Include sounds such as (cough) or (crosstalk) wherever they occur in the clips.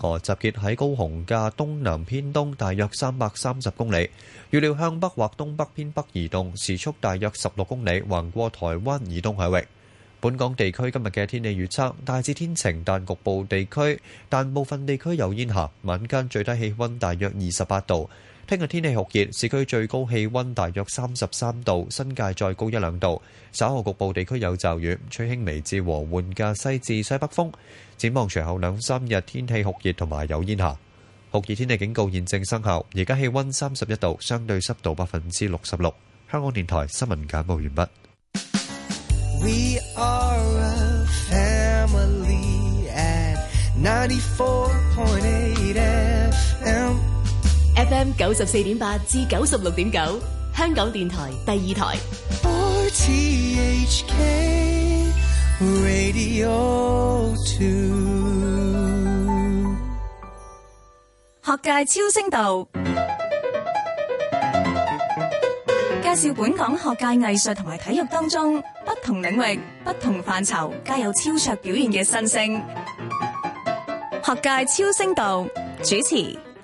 河集結喺高雄嘅東南偏東，大約三百三十公里，預料向北或東北偏北移動，時速大約十六公里，橫過台灣以東海域。本港地區今日嘅天氣預測，大致天晴，但局部地區但部分地區有煙霞，晚間最低氣溫大約二十八度。聽日天，天氣酷熱，市區最高氣溫大約三十三度，新界再高一兩度。稍後局部地區有驟雨，吹輕微至和緩嘅西至西北風。展望隨後兩三日天氣酷熱同埋有煙霞，酷熱天氣警告現正生效。而家氣溫三十一度，相對濕度百分之六十六。香港電台新聞簡報完畢。FM 九十四點八至九十六點九，香港電台第二台。RTHK Radio Two。學界超星導介紹本港學界、藝術同埋體育當中不同領域、不同範疇皆有超卓表現嘅新星。學界超星導主持。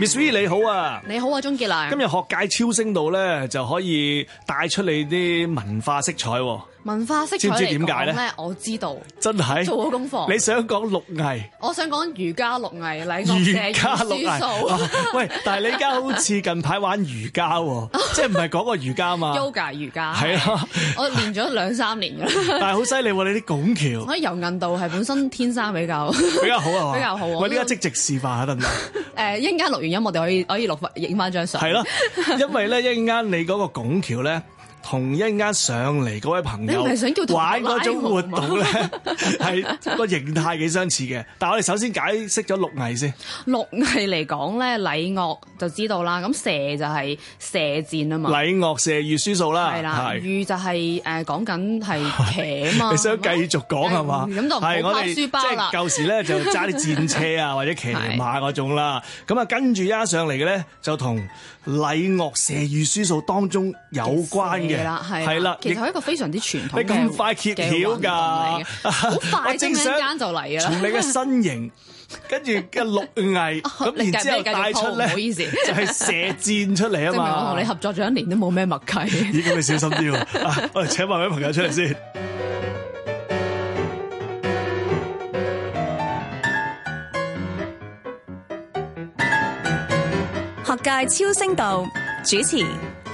Miss l 你好啊，你好啊鍾傑娜，今日學界超聲度咧就可以帶出你啲文化色彩，文化色彩知唔知點解咧？我知道，真係做好功課。你想講綠藝，我想講瑜伽綠藝，禮佛綠藝。瑜伽綠喂，但係你而家好似近排玩瑜伽，即係唔係講個瑜伽嘛？Yoga 瑜伽，係咯，我練咗兩三年啦，但係好犀利喎！你啲拱橋，我由印度係本身天生比較比較好啊，比較好。喂，而家即席示範下得唔得？誒，英家綠。如果我哋可以可以錄翻影翻張相，係咯，因為咧一陣間你嗰個拱橋咧。同一陣間上嚟嗰位朋友想叫玩嗰種活動咧，係個形態幾相似嘅。但係我哋首先解釋咗六藝先。六藝嚟講咧，禮樂就知道啦。咁射就係射箭啊嘛。禮樂射御書數啦。係啦，御就係誒講緊係騎啊嘛。你想繼續講係嘛？咁就唔好拍書包啦。即係舊時咧就揸啲戰車啊，或者騎馬嗰種啦。咁啊，跟住而家上嚟嘅咧，就同禮樂射御書數當中有關。係啦，係、啊，其實係一個非常之傳統，你咁快揭曉㗎，好快之間 (laughs) 想就嚟啦。從你嘅身形，跟住嘅綠藝，咁 (laughs) 然之後帶出咧，就係射箭出嚟啊嘛。我同你合作咗一年都冇咩默契，依家你小心啲啊！我哋請埋位朋友出嚟先，學界超聲道主持，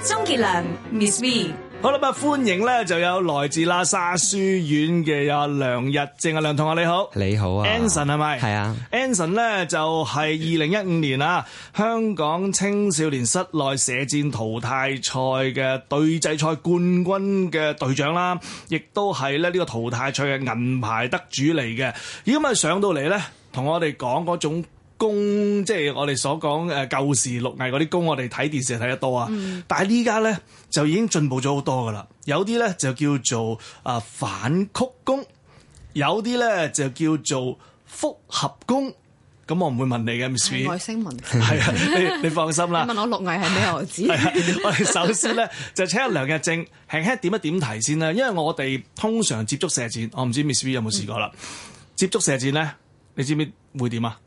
鐘杰良 Miss V。好啦，咁啊，歡迎咧，就有來自喇沙書院嘅阿梁日政啊，梁同學你好，你好啊，Anson 係咪？係 An 啊，Anson 咧就係二零一五年啊香港青少年室內射箭淘汰賽嘅對制賽冠軍嘅隊長啦，亦都係咧呢個淘汰賽嘅銀牌得主嚟嘅，如果啊上到嚟咧，同我哋講嗰種。弓，即係我哋所講，誒舊時六藝嗰啲弓，我哋睇電視睇得多啊！但係而家咧就已經進步咗好多噶啦，有啲咧就叫做啊反曲弓，有啲咧就叫做複合弓。咁我唔會問你嘅，Miss V 外星文係啊，你放心啦。問我六藝係咩我知。我哋首先咧就請梁日政輕輕點一點題先啦，因為我哋通常接觸射箭，我唔知 Miss V 有冇試過啦。接觸射箭咧，你知唔知會點啊？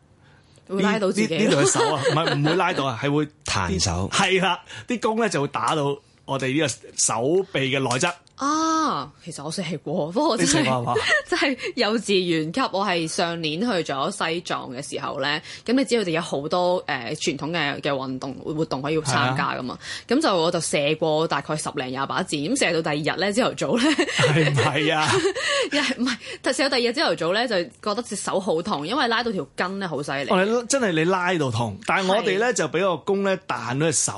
會拉到呢度嘅手啊，唔係唔會拉到啊，係 (laughs) 會彈手。係啦，啲弓咧就會打到我哋呢個手臂嘅內側。啊，其實我射過，不過真係真係幼稚園級。我係上年去咗西藏嘅時候咧，咁你知佢哋有好多誒、呃、傳統嘅嘅運動活動可以參加噶嘛？咁、啊、就我就射過大概十零廿把字。咁、嗯、射到第二日咧，朝頭早咧，係唔係啊？係唔係？但射到第二日朝頭早咧，就覺得隻手好痛，因為拉到條筋咧好犀利。我哋真係你拉到痛，但係我哋咧就俾個弓咧彈，彈到隻手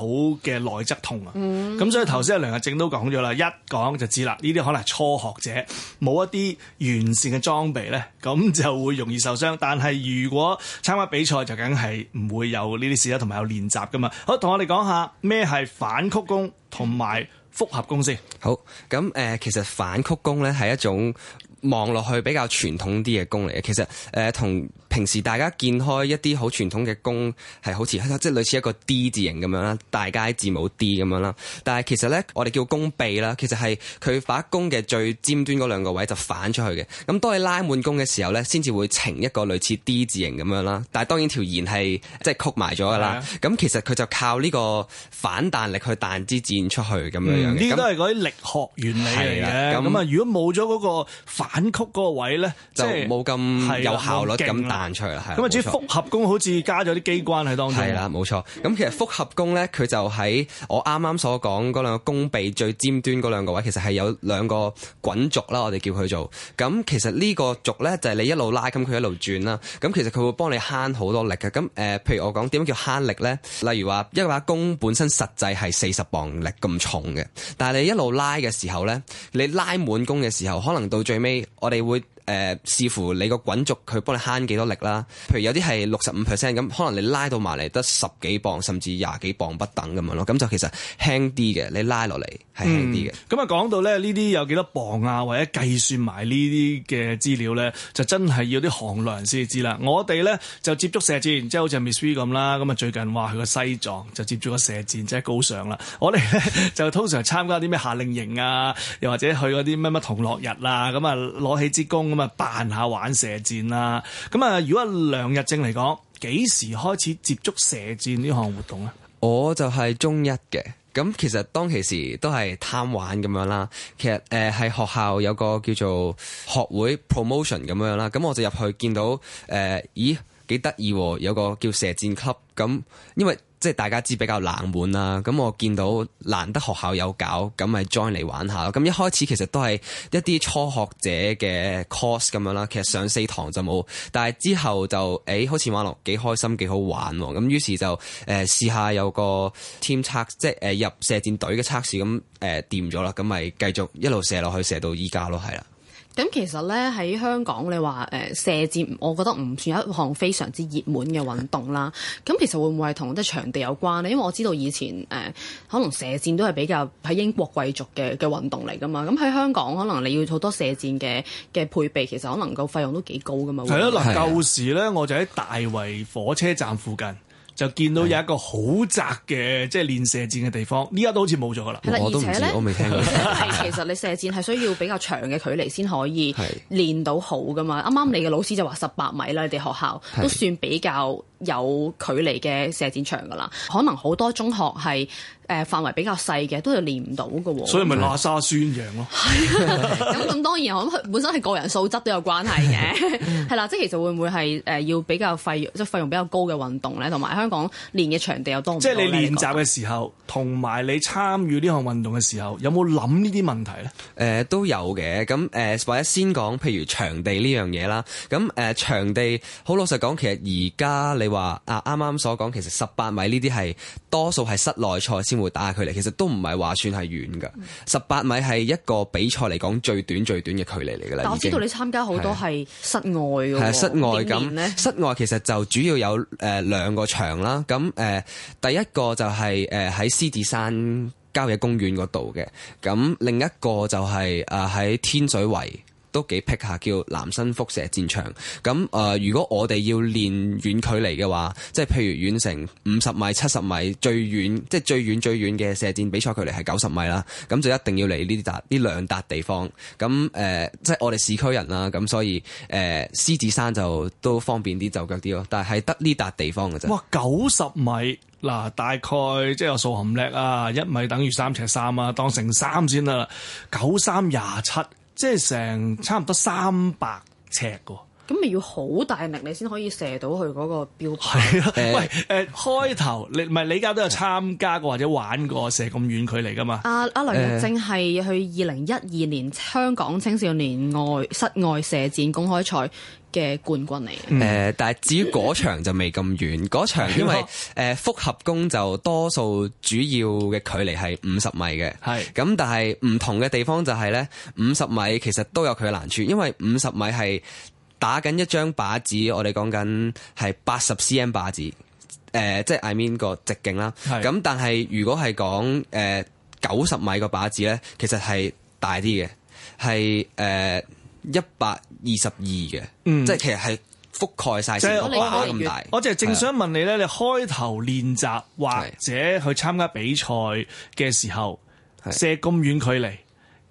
嘅內側痛啊。咁是、嗯、所以頭先阿梁日政都講咗啦，一講就說。知啦，呢啲可能初學者冇一啲完善嘅裝備呢，咁就會容易受傷。但係如果參加比賽就梗係唔會有呢啲事啦，同埋有，有練習㗎嘛。好，同我哋講下咩係反曲弓同埋複合弓先。好，咁誒、呃，其實反曲弓呢係一種望落去比較傳統啲嘅弓嚟嘅，其實誒同、呃、平時大家見開一啲好傳統嘅弓係好似即係類似一個 D 字形咁樣啦，大楷字母 D 咁樣啦。但係其實咧，我哋叫弓臂啦，其實係佢把弓嘅最尖端嗰兩個位就反出去嘅。咁當你拉滿弓嘅時候咧，先至會呈一個類似 D 字形咁樣啦。但係當然條弦係即係曲埋咗噶啦。咁、啊、其實佢就靠呢個反彈力去彈支箭出去咁、嗯、樣樣。呢啲都係嗰啲力學原理嚟嘅。咁啊，如果冇咗嗰個滾曲嗰個位咧，是就冇咁有，有效率咁彈出嚟。咁、啊啊、至於複合弓好似加咗啲機關喺當中。係啦，冇錯。咁其實複合弓咧，佢就喺我啱啱所講嗰兩個弓臂最尖端嗰兩個位，其實係有兩個滾軸啦，我哋叫佢做。咁其實呢個軸咧，就係、是、你一路拉，咁佢一路轉啦。咁其實佢會幫你慳好多力嘅。咁誒、呃，譬如我講點樣叫慳力咧？例如話，一把弓本身實際係四十磅力咁重嘅，但係你一路拉嘅時候咧，你拉滿弓嘅時候，可能到最尾。我哋會。誒、呃、視乎你個滾軸，佢幫你慳幾多力啦？譬如有啲係六十五 percent，咁可能你拉到埋嚟得十幾磅，甚至廿幾磅不等咁樣咯。咁就其實輕啲嘅，你拉落嚟係輕啲嘅。咁啊、嗯嗯嗯，講到咧呢啲有幾多磅啊，或者計算埋呢啲嘅資料咧，就真係要啲行量先知啦。我哋咧就接觸射箭，即係好似 Miss V 咁啦。咁啊，最近哇，去個西藏就接觸個射箭即係高尚啦。我哋咧 (laughs) 就通常參加啲咩夏令營啊，又或者去嗰啲乜乜同樂日啊，咁啊攞起支弓咁。扮下玩射箭啦！咁啊，如果梁日政嚟講，幾時開始接觸射箭呢項活動啊？我就係中一嘅，咁其實當其時都係貪玩咁樣啦。其實誒，喺學校有個叫做學會 promotion 咁樣啦，咁我就入去見到誒、呃，咦，幾得意，有個叫射箭級，咁因為。即係大家知比較冷門啦，咁我見到難得學校有搞，咁咪 join 嚟玩下咯。咁一開始其實都係一啲初學者嘅 course 咁樣啦，其實上四堂就冇，但係之後就誒、欸、好似玩落幾開心，幾好玩喎。咁於是就誒試、呃、下有個 team 測、就是，即係誒入射箭隊嘅測試咁誒掂咗啦，咁咪繼續一路射落去，射到依家咯，係啦。咁其實咧喺香港，你話誒、呃、射箭，我覺得唔算有一項非常之熱門嘅運動啦。咁 (noise) 其實會唔會係同即係場地有關咧？因為我知道以前誒、呃、可能射箭都係比較喺英國貴族嘅嘅運動嚟噶嘛。咁喺香港，可能你要好多射箭嘅嘅配備，其實可能個費用都幾高噶嘛。係咯了，嗱舊時咧，呢的我就喺大圍火車站附近。就見到有一個好窄嘅，即係練射箭嘅地方，呢家都好似冇咗噶啦。我都唔知，而且呢，我未聽過。係 (laughs) 其實你射箭係需要比較長嘅距離先可以 (laughs) 練到好噶嘛？啱啱你嘅老師就話十八米啦，你哋學校都算比較有距離嘅射箭場噶啦。可能好多中學係誒範圍比較細嘅，都係練唔到嘅喎。所以咪喇沙宣揚咯。係咁，咁當然我諗本身係個人素質都有關係嘅，係啦。 (laughs) (laughs) 即係其實會唔會係誒要比較費即係、就是、費用比較高嘅運動咧？同埋香港練嘅場地又多唔多咧？即係你練習嘅時候，同埋你參與呢項運動嘅時候，有冇諗呢啲問題咧？誒、呃、都有嘅，咁誒或者先講譬如場地呢樣嘢啦。咁誒、呃、場地好老實講，其實而家你話啊，啱啱所講，其實十八米呢啲係多數係室內賽先。會打下距離，其實都唔係話算係遠噶，十八米係一個比賽嚟講最短最短嘅距離嚟嘅。但,但我知道你參加好多係室外嘅喎，室外咁，室外其實就主要有誒兩個場啦。咁誒，第一個就係誒喺獅子山郊野公園嗰度嘅，咁另一個就係誒喺天水圍。都幾僻下，叫南新輻射戰場。咁誒、呃，如果我哋要練遠距離嘅話，即係譬如遠成五十米、七十米，最遠即係最遠最遠嘅射箭比賽距離係九十米啦。咁就一定要嚟呢啲笪呢兩笪地方。咁誒、呃，即係我哋市區人啦。咁所以誒、呃，獅子山就都方便啲、就腳啲咯。但係得呢笪地方嘅啫。哇！九十米嗱、啊，大概即係我數學唔叻啊，一米等於三尺三啊，當成三先啦，九三廿七。即係成差唔多三百尺個、哦。咁咪要好大力你先可以射到佢嗰個標牌？係咯，呃、喂誒、呃、開頭、嗯、你唔係李家都有參加過或者玩過射咁遠距離噶嘛？阿阿、嗯啊、梁日政係去二零一二年香港青少年外室外射箭公開賽嘅冠軍嚟。嘅、嗯。誒、呃，但係至於嗰場就未咁遠，嗰場因為誒、 (laughs) 呃、複合弓就多數主要嘅距離係五十米嘅，係咁的，但係唔同嘅地方就係咧，五十米其實都有佢嘅難處，因為五十米係。打緊一張靶子，我哋講緊係八十 cm 靶子，誒、呃，即係 I mean 個直徑啦。咁是但係如果係講誒九十米靶、呃嗯、個靶子咧，其實係大啲嘅，係誒一百二十二嘅，即係其實係覆蓋晒成個靶咁大。我就正想問你咧，是你開頭練習或者去參加比賽嘅時候，射咁遠距離，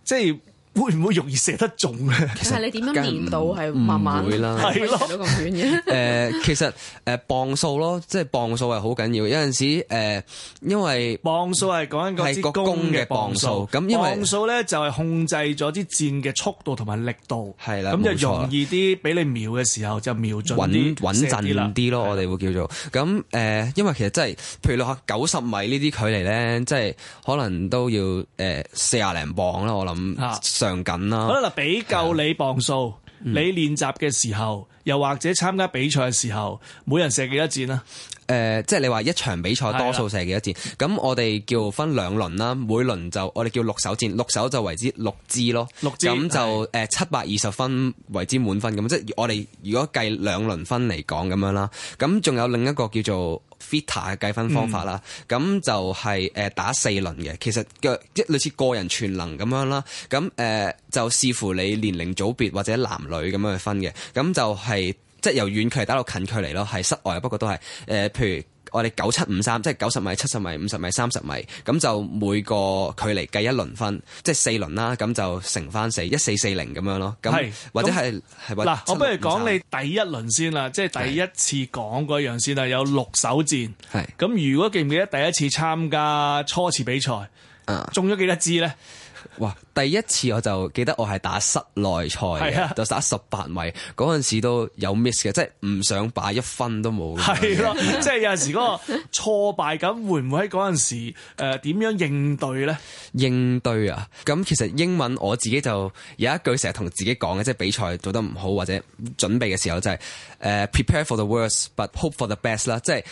即係。會唔會容易射得中咧？其實你點樣練到係慢慢？唔會啦，係對咯，咁遠嘅。誒，其實誒、呃、磅數咯，即係磅數係好緊要。有陣時誒、呃，因為個磅數係講緊嗰支弓嘅磅數。咁因為磅數咧就係、是、控制咗啲箭嘅速度同埋力度。係啦，咁就容易啲俾你瞄嘅時候就瞄準啲，穩陣啲咯。咯對 我哋會叫做咁誒、呃，因為其實真、就、係、是，譬如話九十米呢啲距離咧，即、就、係、是、可能都要誒四廿零磅啦。我諗緊啦，可能嗱，比夠你磅數，的你練習嘅時候，又或者參加比賽嘅時候，每人射幾多箭啦、啊？誒、呃，即係你話一場比賽的多數射幾多箭？咁、嗯、我哋叫分兩輪啦，每輪就我哋叫六手箭，六手就為之六支咯。六咁支就誒七百二十分為之滿分咁，的即係我哋如果計兩輪分嚟講咁樣啦。咁仲有另一個叫做 FITA 嘅計分方法啦。咁、嗯、就係誒打四輪嘅，其實嘅即類似個人全能咁樣啦。咁誒就視乎你年齡組別或者男女咁樣去分嘅。咁就係、是。即係由遠距離打到近距離咯，係室外啊，不過都係誒、呃，譬如我哋九七五三，即係九十米、七十米、五十米、三十米，咁就每個距離計一輪分，即係四輪啦，咁就乘翻四一四四零咁樣咯。咁或者係係咪嗱，我不如講你第一輪先啦，即係第一次講嗰樣先啦，是有六手箭，係咁是如果記唔記得第一次參加初次比賽，嗯、中咗幾多支咧？哇！第一次我就記得我係打室內賽，係啊，就打十八米嗰陣時都有 miss 嘅，即係唔想把一分都冇係咯，啊、 (laughs) 即係有陣時嗰個挫敗感會會，會唔會喺嗰陣時誒點樣應對咧？應對啊！咁其實英文我自己就有一句成日同自己講嘅，即係比賽做得唔好或者準備嘅時候就係、是、誒、uh, prepare for the worst but hope for the best 啦，即係。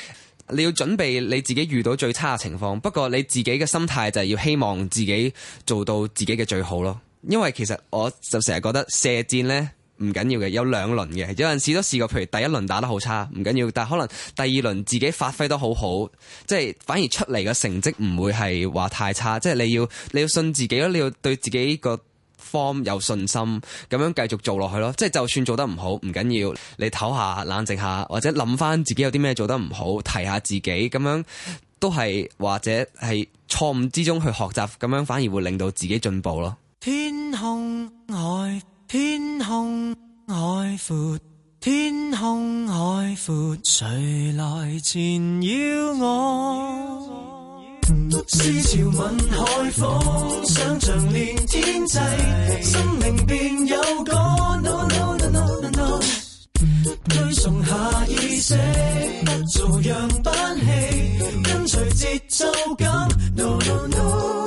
你要準備你自己遇到最差嘅情況，不過你自己嘅心態就係要希望自己做到自己嘅最好咯。因為其實我就成日覺得射箭呢唔緊要嘅，有兩輪嘅，有陣時都試過，譬如第一輪打得好差唔緊要，但係可能第二輪自己發揮得好好，即係反而出嚟嘅成績唔會係話太差，即係你要你要信自己咯，你要對自己個方有信心，咁樣繼續做落去咯。即係就算做得唔好，唔緊要，你唞下，冷靜下，或者諗翻自己有啲咩做得唔好，提下自己，咁樣都係或者係錯誤之中去學習，咁樣反而會令到自己進步咯。天空海，天空海闊，天空海闊，誰來纏繞我？思潮吻海風，想像連天際。心靈便有個 no no no no no。推崇下意識，不做樣板戲，跟隨節奏感 no no no。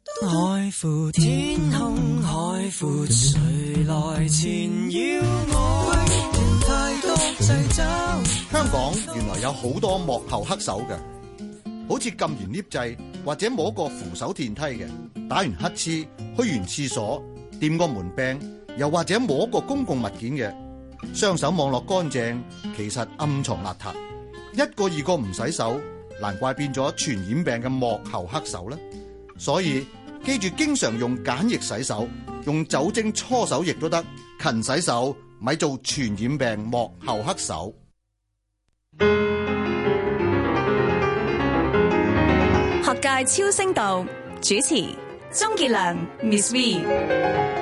(music) 海闊天空，海來前太多香港原來有好多幕後黑手嘅，好似撳完 𨋢 掣或者摸過扶手電梯嘅，打完乞嗤去完廁所掂個門柄，又或者摸過公共物件嘅，雙手望落乾淨，其實暗藏邋遢，一個二個唔洗手，難怪變咗傳染病嘅幕後黑手咧，所以。嗯記住，經常用鹼液洗手，用酒精搓手液都得，勤洗手，咪做傳染病幕後黑手。學界超聲道主持鍾傑良 Miss V。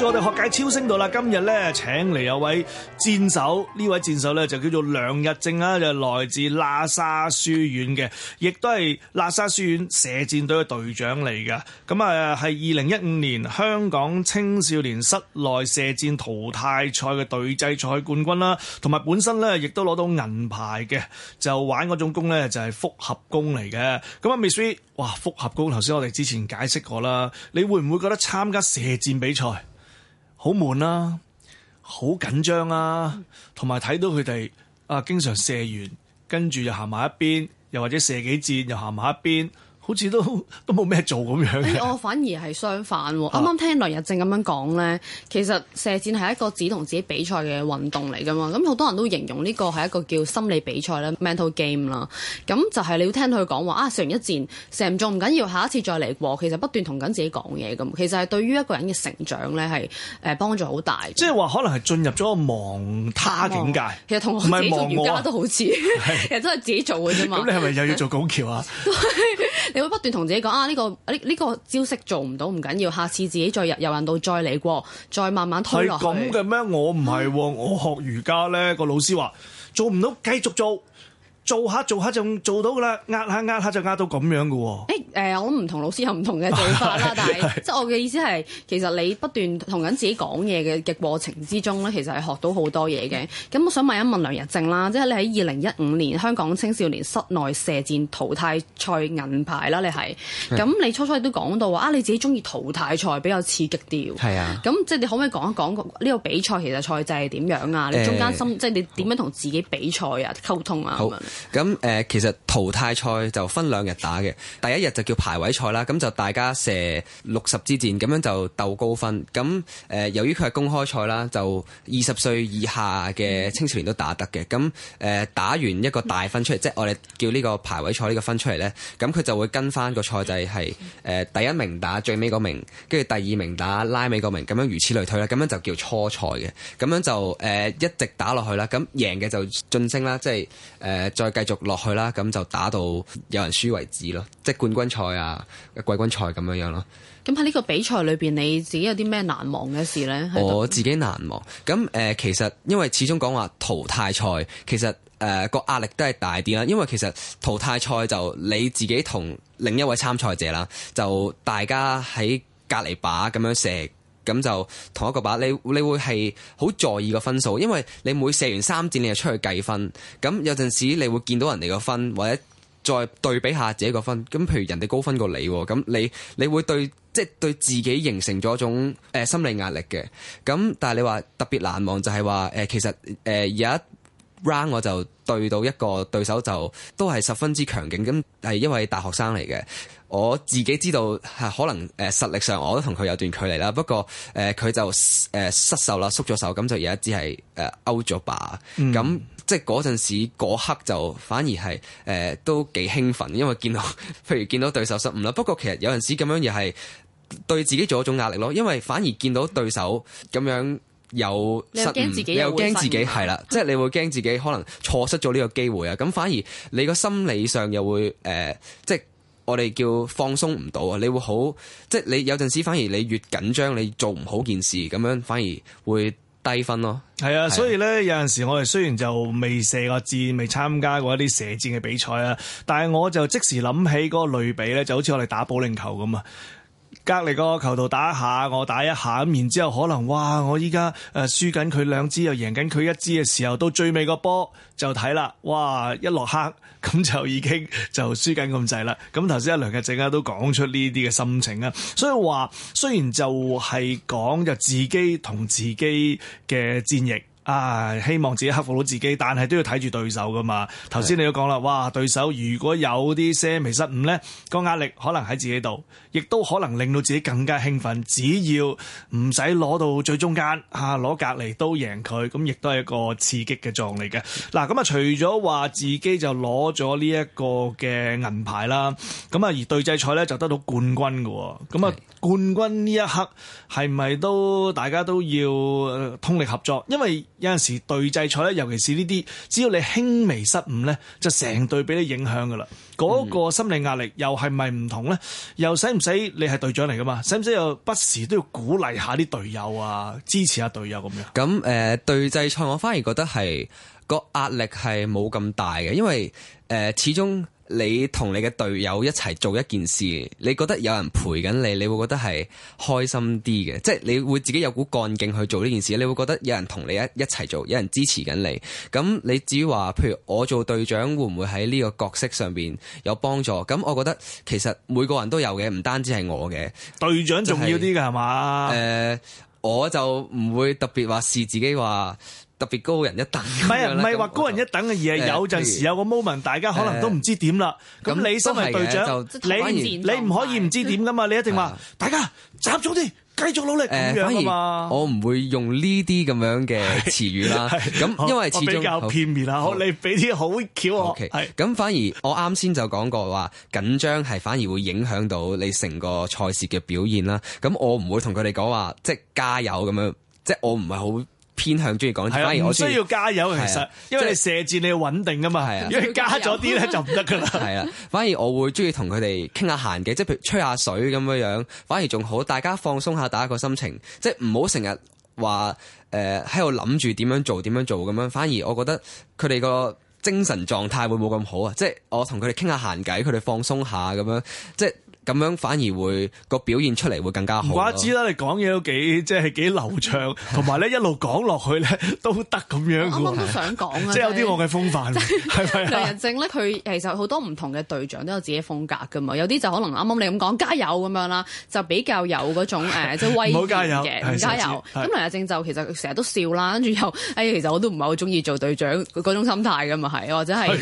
我哋學界超聲到啦，今日咧請嚟有位戰手，呢位戰手咧就叫做梁日政啦，就是，來自喇沙書院嘅，亦都係喇沙書院射箭隊嘅隊長嚟嘅。咁啊，係二零一五年香港青少年室內射箭淘汰賽嘅隊際賽冠軍啦，同埋本身咧亦都攞到銀牌嘅。就玩嗰種弓咧，就係複合弓嚟嘅。咁啊，Miss V，哇，複合弓頭先我哋之前解釋過啦，你會唔會覺得參加射箭比賽？好悶啦、啊，好緊張啦、啊，同埋睇到佢哋啊，經常射完跟住又行埋一邊，又或者射幾箭又行埋一邊。好似都都冇咩做咁樣、哎、我反而係相反。啱啱、啊、聽梁日政咁樣講咧，其實射箭係一個只同自己比賽嘅運動嚟㗎嘛。咁好多人都形容呢個係一個叫心理比賽啦，mental game 啦。咁就係你要聽佢講話啊，射完一箭，射唔中唔緊要，下一次再嚟過。其實不斷同緊自己講嘢咁，其實係對於一個人嘅成長咧係誒幫助好大。即係話可能係進入咗一個忘他境界，啊、其實同自己做瑜伽都好似，啊、 (laughs) 其實都係自己做嘅啫嘛。咁 (laughs) 你係咪又要做拱橋啊？ (laughs) (laughs) (laughs) 你會不斷同自己講啊！呢、這個呢呢、這個招式做唔到唔緊要，下次自己再游人道再嚟過，再慢慢推落。係咁嘅咩？我唔係、哦， (laughs) 我學瑜伽咧，個老師話做唔到繼續做，做下做下就做到噶啦，壓下壓下就壓到咁樣噶、哦。欸誒，我諗唔同老師有唔同嘅做法啦，但係即係我嘅意思係，其實你不斷同緊自己講嘢嘅嘅過程之中咧，其實係學到好多嘢嘅。咁我想問一問梁日政啦，即係你喺二零一五年香港青少年室內射箭淘汰賽銀牌啦，你係咁你初初都講到話啊，你自己中意淘汰賽比較刺激啲。係啊。咁即係你可唔可以講一講呢個比賽其實賽制係點樣啊？你中間心即係你點樣同自己比賽啊、溝通啊咁樣。其實淘汰賽就分兩日打嘅，第一日就，叫排位賽啦，咁就大家射六十支箭，咁樣就鬥高分。咁誒、呃、由於佢係公開賽啦，就二十歲以下嘅青少年都打得嘅。咁誒、呃、打完一個大分出嚟，嗯、即係我哋叫呢個排位賽呢個分出嚟咧。咁佢就會跟翻個賽制係誒、呃、第一名打最尾嗰名，跟住第二名打拉尾嗰名，咁樣如此類推啦。咁樣就叫初賽嘅。咁樣就誒、呃、一直打落去啦。咁贏嘅就晉升啦，即係誒、呃、再繼續落去啦。咁就打到有人輸為止咯，即係冠軍賽賽啊，季軍賽咁樣樣咯。咁喺呢個比賽裏邊，你自己有啲咩難忘嘅事呢？我自己難忘。咁誒、呃，其實因為始終講話淘汰賽，其實誒個壓力都係大啲啦。因為其實淘汰賽就你自己同另一位參賽者啦，就大家喺隔籬靶咁樣射，咁就同一個靶你你會係好在意個分數，因為你每射完三箭，你就出去計分。咁有陣時你會見到人哋個分或者。再對比下自己個分，咁譬如人哋高分過你，咁你你會對即係、就是、對自己形成咗一種誒心理壓力嘅。咁但係你話特別難忘就係話誒，其實誒而家 round 我就對到一個對手就都係十分之強勁，咁係一位大學生嚟嘅。我自己知道係可能誒實力上我都同佢有段距離啦，不過誒佢、呃、就誒失手啦，縮咗手，咁就而家只係誒 out 咗吧。咁、嗯即係嗰陣時，嗰、那個、刻就反而係誒、呃，都幾興奮，因為見到，譬如見到對手失誤啦。不過其實有陣時咁樣又係對自己做一種壓力咯，因為反而見到對手咁樣有失誤，你又驚自己係啦，了即係你會驚自己可能錯失咗呢個機會啊。咁反而你個心理上又會誒、呃，即係我哋叫放鬆唔到啊。你會好，即係你有陣時反而你越緊張，你做唔好件事，咁樣反而會。低分咯係啊所以咧有陣時我哋雖然就未射過箭，未參加過一啲射箭嘅比賽啊，但係我就即時諗起嗰個類比咧就好似我哋打保齡球咁啊。隔籬個球道打一下，我打一下咁，然之後可能哇，我依家誒輸緊佢兩支又贏緊佢一支嘅時候，到最尾個波就睇啦，哇一落黑咁就已經就輸緊咁滯啦。咁頭先阿梁日政都講出呢啲嘅心情啊，所以話雖然就係講就自己同自己嘅戰役。啊！希望自己克服到自己，但係都要睇住對手噶嘛。頭先你都講啦，哇！對手如果有啲些微失誤咧，個壓力可能喺自己度，亦都可能令到自己更加興奮，只要唔使攞到最中間吓，攞隔離都贏佢，咁亦都係一個刺激嘅仗嚟嘅。嗱是，咁啊，除咗話自己就攞咗呢一個嘅銀牌啦，咁啊而隊際賽咧就得到冠軍嘅喎。咁啊，冠軍呢一刻係咪都大家都要通力合作？因為。有陣時對制賽咧，尤其是呢啲，只要你輕微失誤咧，就成隊俾你影響噶啦。嗰個心理壓力又係咪唔同咧？又使唔使你係隊長嚟噶嘛？使唔使又不時都要鼓勵下啲隊友啊，支持下隊友咁樣？咁誒對制賽，我反而覺得係個壓力係冇咁大嘅，因為誒始終。你同你嘅隊友一齊做一件事，你覺得有人陪緊你，你會覺得係開心啲嘅，即係你會自己有股幹勁去做呢件事，你會覺得有人同你一一齊做，有人支持緊你。咁你至於話，譬如我做隊長，會唔會喺呢個角色上面有幫助？咁我覺得其實每個人都有嘅，唔單止係我嘅隊長重要啲㗎係嘛？誒，我就唔會特別話視自己話。特別高人一等，唔係唔係話高人一等嘅，而係有陣時有個 moment，大家可能都唔知點啦。咁你身為隊長，你你唔可以唔知點噶嘛？你一定話大家集中啲，繼續努力咁樣啊嘛。我唔會用呢啲咁樣嘅詞語啦。咁因為始終我比較片面啊，你俾啲好巧我。咁反而我啱先就講過話緊張係反而會影響到你成個賽事嘅表現啦。咁我唔會同佢哋講話即係加油咁樣，即係我唔係好。偏向中意講，反而我需要加油。其實、啊就係、因為你射箭你要穩定噶嘛，係、啊、因為加咗啲咧就唔得噶啦。係啊，反而我會中意同佢哋傾下閒偈，即係 (laughs) 譬如吹下水咁樣樣，反而仲好，大家放鬆下，大家個心情即係唔好成日話誒喺度諗住點樣做點樣做咁樣。反而我覺得佢哋個精神狀態會冇咁好啊，即係我同佢哋傾下閒偈，佢哋放鬆下咁樣，即係。咁樣反而會個表現出嚟會更加好。唔怪之啦，你講嘢都幾即係幾流暢，同埋咧一路講落去咧都得咁樣噶。啱啱都想講啊，即係有啲我嘅風範。梁日政咧，佢其實好多唔同嘅隊長都有自己風格噶嘛。有啲就可能啱啱你咁講加油咁樣啦，就比較有嗰種即係威嘅。唔好加油，加油。咁梁日政就其實成日都笑啦，跟住又誒，其實我都唔係好中意做隊長嗰種心態噶嘛，係或者係。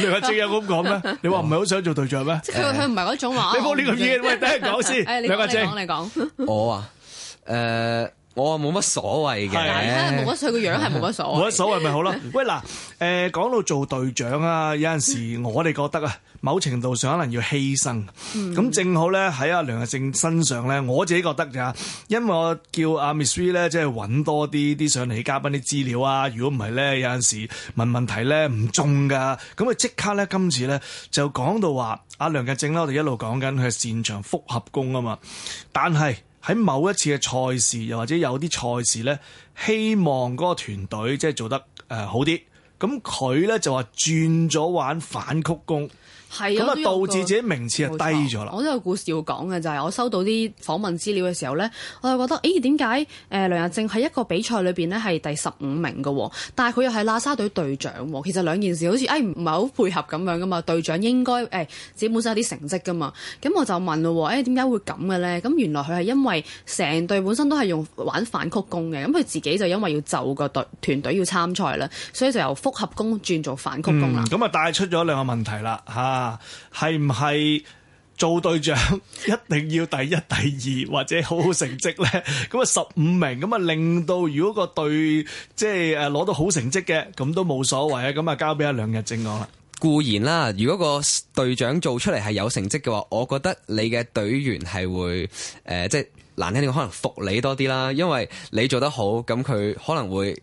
你話政有咁講咩？你話唔係好想做隊長咩？即係佢唔係哦、你冇呢個意喂， (laughs) 等下講先。梁日政，你講，我啊，誒、uh。我啊，冇乜所謂嘅的，冇乜佢個樣係冇乜所謂，冇乜所謂咪好啦。喂、呃、嗱，誒，講到做隊長啊，有陣時我哋覺得啊，某程度上可能要犧牲。咁 (laughs) 正好咧，喺阿梁日政身上咧，我自己覺得咋，因為我叫阿 Ms V 咧，即係搵多啲啲上嚟嘉賓啲資料啊。如果唔係咧，有陣時問問題咧唔中噶。咁啊，即刻咧，今次咧就講到話阿梁日政啦，我哋一路講緊佢係擅長複合弓啊嘛，但係。喺某一次嘅賽事，又或者有啲賽事咧，希望嗰個團隊即係做得誒、呃、好啲，咁佢咧就話轉咗玩反曲弓。係咁啊！導致自己名次啊低咗啦錯。了我都有故事要講嘅就係、是、我收到啲訪問資料嘅時候咧，我就覺得咦，點解誒梁日政喺一個比賽裏邊咧係第十五名嘅，但係佢又係喇沙隊隊長。其實兩件事好似誒唔係好配合咁樣噶嘛。隊長應該誒、哎、自己本身有啲成績噶嘛。咁我就問咯誒，點解會咁嘅咧？咁原來佢係因為成隊本身都係用玩反曲弓嘅，咁佢自己就因為要就個隊團隊要參賽啦，所以就由複合弓轉做反曲弓啦。咁啊、嗯，帶出咗兩個問題啦嚇。啊啊，係唔係做隊長一定要第一、第二或者好好成績呢？咁 (laughs) 啊，十五名咁啊，令到如果個隊即係呃、攞到好成績嘅，咁都冇所謂啊！咁啊，交俾一兩日正我啦。固然啦，如果個隊長做出嚟係有成績嘅話，我覺得你嘅隊員係會誒、呃，即係難聽啲講，可能服你多啲啦，因為你做得好，咁佢可能會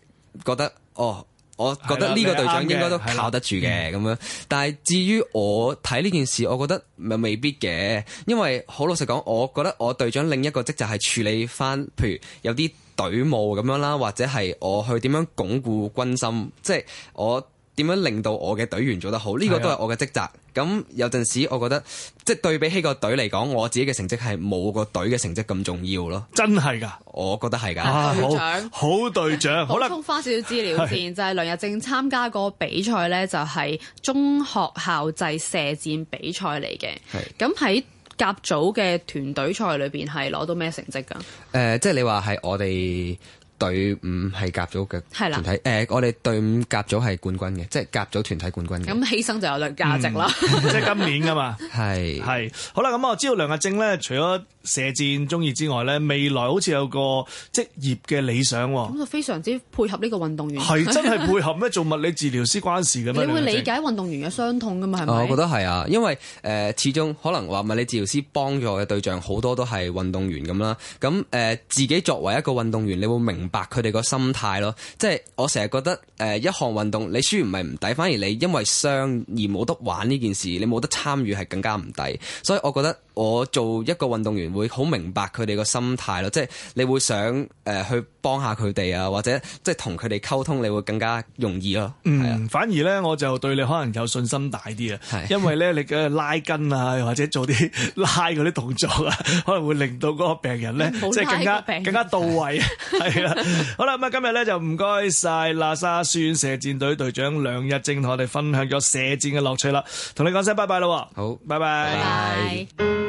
覺得哦。我覺得呢個隊長應該都靠得住嘅咁樣，但係至於我睇呢件事，我覺得未必嘅。因為好老實講，我覺得我隊長另一個職責係處理翻，譬如有啲隊務咁樣啦，或者係我去點樣鞏固軍心，即係我。點樣令到我嘅隊員做得好？呢個都係我嘅職責。咁 (noise) 有陣時，我覺得即係對比起個隊嚟講，我自己嘅成績係冇個隊嘅成績咁重要咯。真係噶，我覺得係噶。啊，隊長，好隊長，好啦。補充少少資料先，就係梁日政參加個比賽呢，就係中學校際射箭比賽嚟嘅。係。咁喺甲組嘅團隊賽裏邊，係攞到咩成績噶？誒，即係你話係我哋。隊伍係甲組嘅，係啦是的。團體誒、呃，我哋隊伍甲組係冠軍嘅，即係甲組團體冠軍嘅。咁犧牲就有價值啦。即係今年㗎嘛。係係 (laughs) 是。好啦，咁我知道梁日政咧，除咗。射箭中意之外咧，未來好似有個職業嘅理想。咁就非常之配合呢個運動員。係真係配合咩？ (laughs) 做物理治療師關事嘅咩？你會理解運動員嘅傷痛㗎嘛？係咪？我覺得係啊，因為誒、呃，始終可能話物理治療師幫助嘅對象好多都係運動員咁啦。咁誒、呃，自己作為一個運動員，你會明白佢哋個心態咯。即係我成日覺得誒、呃，一項運動你輸唔係唔抵，反而你因為傷而冇得玩呢件事，你冇得參與係更加唔抵。所以我覺得。我做一個運動員會好明白佢哋個心態咯，即係你會想誒、呃、去幫下佢哋啊，或者即係同佢哋溝通你，你會更加容易咯。嗯，啊、反而咧我就對你可能有信心大啲啊，是因為咧你嘅拉筋啊，或者做啲拉嗰啲動作啊，可能會令到嗰個病人咧即係更加更加到位啊。係啦，好啦，咁啊今日咧就唔該晒喇沙書院射箭隊隊長梁日政同我哋分享咗射箭嘅樂趣啦，同你講聲拜拜啦。好，好拜拜。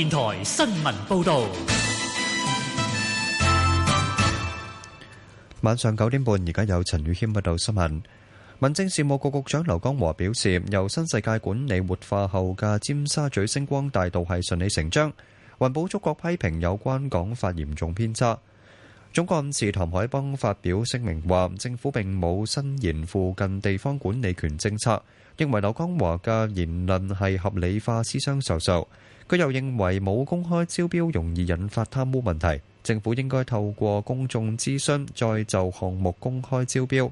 電台新聞報道，晚上九點半，而家有陳宇謙報道新聞。民政事務局局長劉江華表示，由新世界管理活化後嘅尖沙咀星光大道係順理成章。環保觸覺批評有關講法嚴重偏差。總幹事譚凱邦發表聲明話，政府並冇新言，附近地方管理權政策，認為劉江華嘅言論係合理化私相授受。佢又認為冇公開招標容易引發貪污問題，政府應該透過公眾諮詢再就項目公開招標。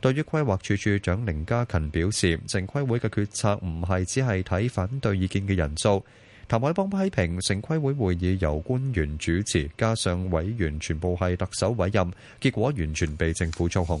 對於規劃署署長凌家勤表示，城規會嘅決策唔係只係睇反對意見嘅人數。譚偉邦批評城規會會議由官員主持，加上委員全部係特首委任，結果完全被政府操控。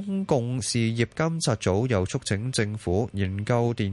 公共事業監察組又促請政府研究電。